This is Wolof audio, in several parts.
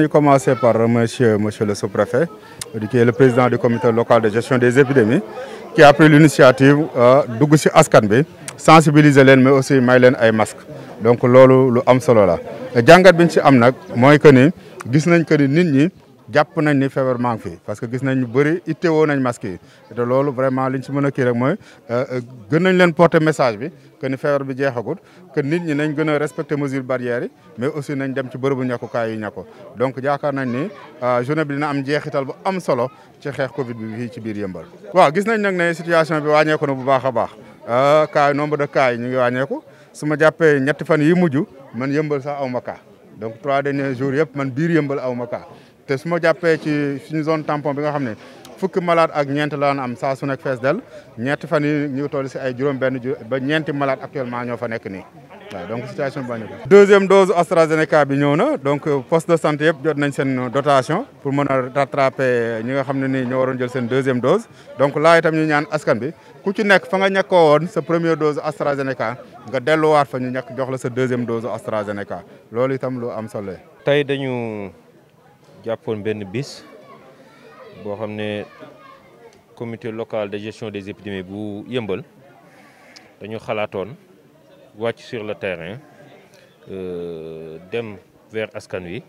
Nous commencé par monsieur, monsieur le sous-préfet, euh, qui est le président du comité local de gestion des épidémies, qui a pris l'initiative euh, d'Ougoussi Askanbe, sensibiliser leen mais aussi may leen ay masque donc loolu lu am solo la jàngat bi si am nag mooy que ni gis nañ que nit ñi jàpp nañ ni feebar maa ngi fi parce que gis nañ ñu bëri ittewoo nañ masque yi te loolu vraiment liñ si mën a kii rek mooy euh, euh, gën nañ leen porter message bi que ni feebar bi jeexagul que nit ñi nañ gën a respecter mesure barrières yi mais aussi nañ dem ci bërëbu ñàkkukaay yi ñàkku donc yaakaar nañ ni euh, journée bi dina am jeexital bu am solo ci xeex Covid bi fii ci biir yëmbal. waa gis nañ nag ne situation bi wàññeeku na bu baax a baax cas nombre de cas yi ñu ngi wàññeeku su ma jàppee ñetti fan yi mujj man yëmbal sax aw ma cas donc trois derniers jours yëpp man biir yëmbal aw ma te su ma jàppee ci suñu zone tampon bi nga xam ne fukki malade ak ñeent la am saa su nekk fees del ñeenti fan yi ñu ngi toll si ay juróom-benn ba ñeenti malaat actuellement ñoo fa nekk nii waaw donc situation bi deuxième dose AstraZeneca bi ñëw na donc poste de santé yëpp jot nañ seen dotation pour mën a rattraper nga xam ne nii ñoo waroon jël seen deuxième dose. donc laa tam ñu ñaan askan bi ku ci nekk fa nga ñàkkoo woon sa première dose AstraZeneca nga delluwaat fa ñu ñàkk jox la sa deuxième dose AstraZeneca loolu itam lu am solo tey jàppoon benn bis boo xam ne comité local de gestion des épidémies bu yëmbal dañu xalaatoon wàcc sur le terrain euh, dem vers askan wi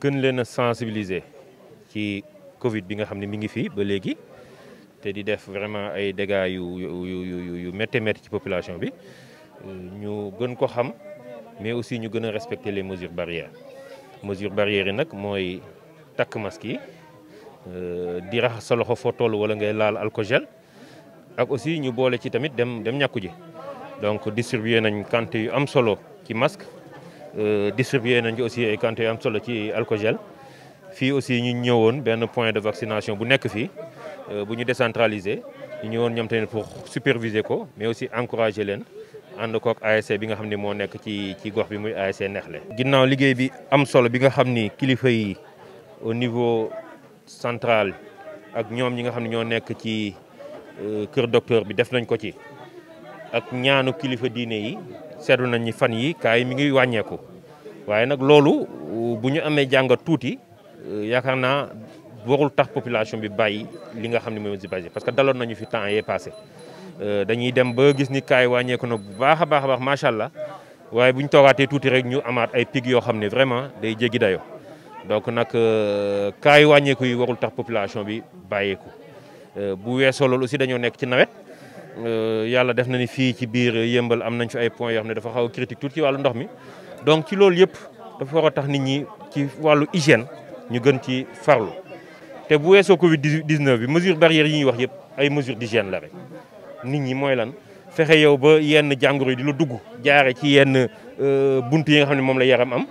gën leen a sensibiliser ci Covid bi nga xam ne mi ngi fii ba léegi te di def vraiment ay dégâts yu yu yu yu métti métti ci population bi euh, ñu gën ko xam mais aussi ñu gën a respecter les mesures barrières. mesure barrière yi nag mooy takk maski yi euh, di raxas sa loxo foo toll wala ngay laal alcogel ak aussi ñu boole ci tamit dem dem ñàkku ji donc distribuer nañ quantité yu am solo ci masque euh, distribuer nañ ci aussi ay quantité yu am solo ci alcogel fii aussi ñu ñëwoon benn point de vaccination bu nekk fii euh, bu ñu décentraliser ñu ñëwoon ñoom tamit pour superviser ko mais aussi encourager leen ànd kook ASC bi nga xam ni moo nekk ci ci gox bi muy ASC Neexle. ginnaaw liggéey bi am solo bi nga xam ni kilifa yi au niveau central ak ñoom ñi nga xam ne ñoo nekk ci euh, kër docteur bi def nañ ko ci ak ñaanu kilifa diine yi seetlu nañ ni fan yi kaa yi mi ngi wàññeeku waaye nag loolu euh, bu ñu amee jàngat tuuti euh, yaakaar naa warul tax population bi bàyyi li nga xam ne mooy parce que daloon nañu fi temps yee passé Euh, dañuy dem ba gis ni kaay wàññeeku na bu baax a baax a baax macha allah waaye bu ñu toogaatee tuuti rek ñu amaat ay pic yoo xam ne vraiment day jéggi dayoo donc nag euh, kaay wàññeeku yi warul tax population bi bàyyeeku euh, bu weesoo loolu aussi dañoo nekk ci nawet. yàlla def na ni fii ci biir yëmbal am nañ fi ay point yoo xam ne dafa xaw a critique tuuti ci wàllu ndox mi donc ci loolu yëpp dafa war a tax nit ñi ci wàllu hygiène ñu gën ci farlu te bu weesoo Covid 19 bi mesure barrière ñuy wax yëpp ay mesure d'hygiène la rek. nit ñi mooy lan fexe yow ba yenn jàngoro yi di la dugg jaare ci yenn euh, bunt yi nga xam ne moom la yaram am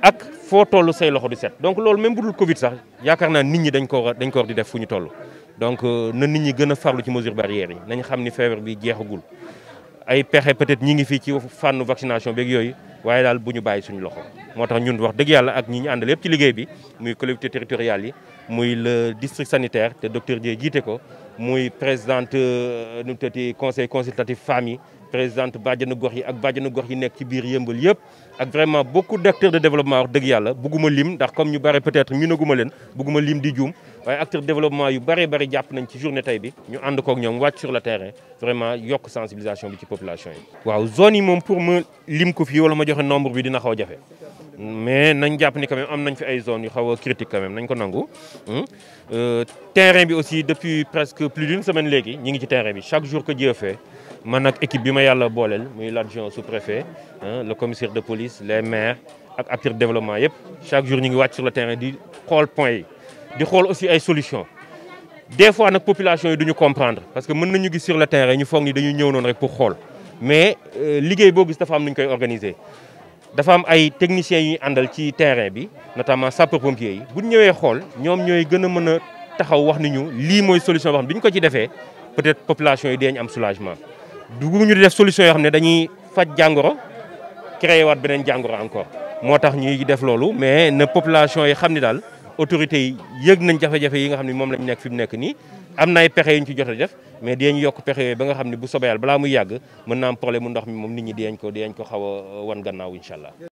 ak foo toll say loxo du set donc loolu même bu dul Covid sax yaakaar naa nit ñi dañ ko war dañ ko di def fu ñu toll donc euh, na nit ñi gën a farlu ci mesure barrière yi nañ xam ni feebar bi jeexagul ay pexe peut-être ñi ngi fii ci fànnu vaccination beeg yooyu waaye daal bu ñu bàyyi suñu loxo moo tax ñun wax dëgg yàlla ak ñii ñu àndal yëpp ci liggéey bi muy collectivité territoriale yi muy le sanitaire te docteur Dieye jiite ko muy présidente euh, nu mu tëddee conseil consultatif femmes yi présidente bàjjenu gox yi ak bàjjenu gox yi nekk ci biir yëmbal yëpp. ak vraiment beaucoup d' acteurs de développement wax dëgg yàlla bugguma lim ndax comme ñu bare peut être minaguma leen bugguma lim di juum waaye acteurs développement yu bare bare jàpp nañ ci journée tey bi ñu ànd kook ñoom wàcc sur le terrain vraiment yokk sensibilisation bi ci population yi. waaw zone yi moom pour ma lim ko fii wala ma joxe nombre bi dina xaw a mais nañ jàpp ni quand même am nañ fi ay zones yu xaw a critique nañ ko nangu hmm? euh, terrain bi aussi depuis presque plus d'une semaine léegi ñi ngi ci terrain bi chaque jour que Dieu fait man ak équipe bi ma yàlla booleel muy l'adjoint au sous-préfet le commissaire de police les maires ak acteurs développement yëpp chaque jour ñu ngi wàcc sur le terrain di xool point yi di xool aussi ay solutions des fois nag population yi duñu comprendre parce que mën nañu gis le terrain ñu foog ni dañu ñëw noonu rek pour xool mais euh, liggéey boo gis dafa am nu koy organiser dafa am ay techniciens yu ñu àndal ci terrain bi notamment sapeur pompier yi bu ñu ñëwee xool ñoom ñooy gën a mën a taxaw wax ni ñu lii mooy solution boo xam ne bi ñu ko ci defee peut-être population yi dinañ am soulagement. dugub ñu di def solution yoo xam ne dañuy faj jàngoro créé waat beneen jàngoro encore moo tax ñuy def loolu mais na population yi xam ni daal. autorités yi yëg nañ jafe-jafe yi nga xam ne moom lañ nekk fi mu nekk nii am na ay pexe yuñ ci jot a def mais dinañ yokk pexe yooyu ba nga xam ne bu soobee yàlla balaa muy yàgg mën naa am problème mu ndox mi moom nit ñi dinañ ko dinañ ko xaw a wan gannaaw incha allah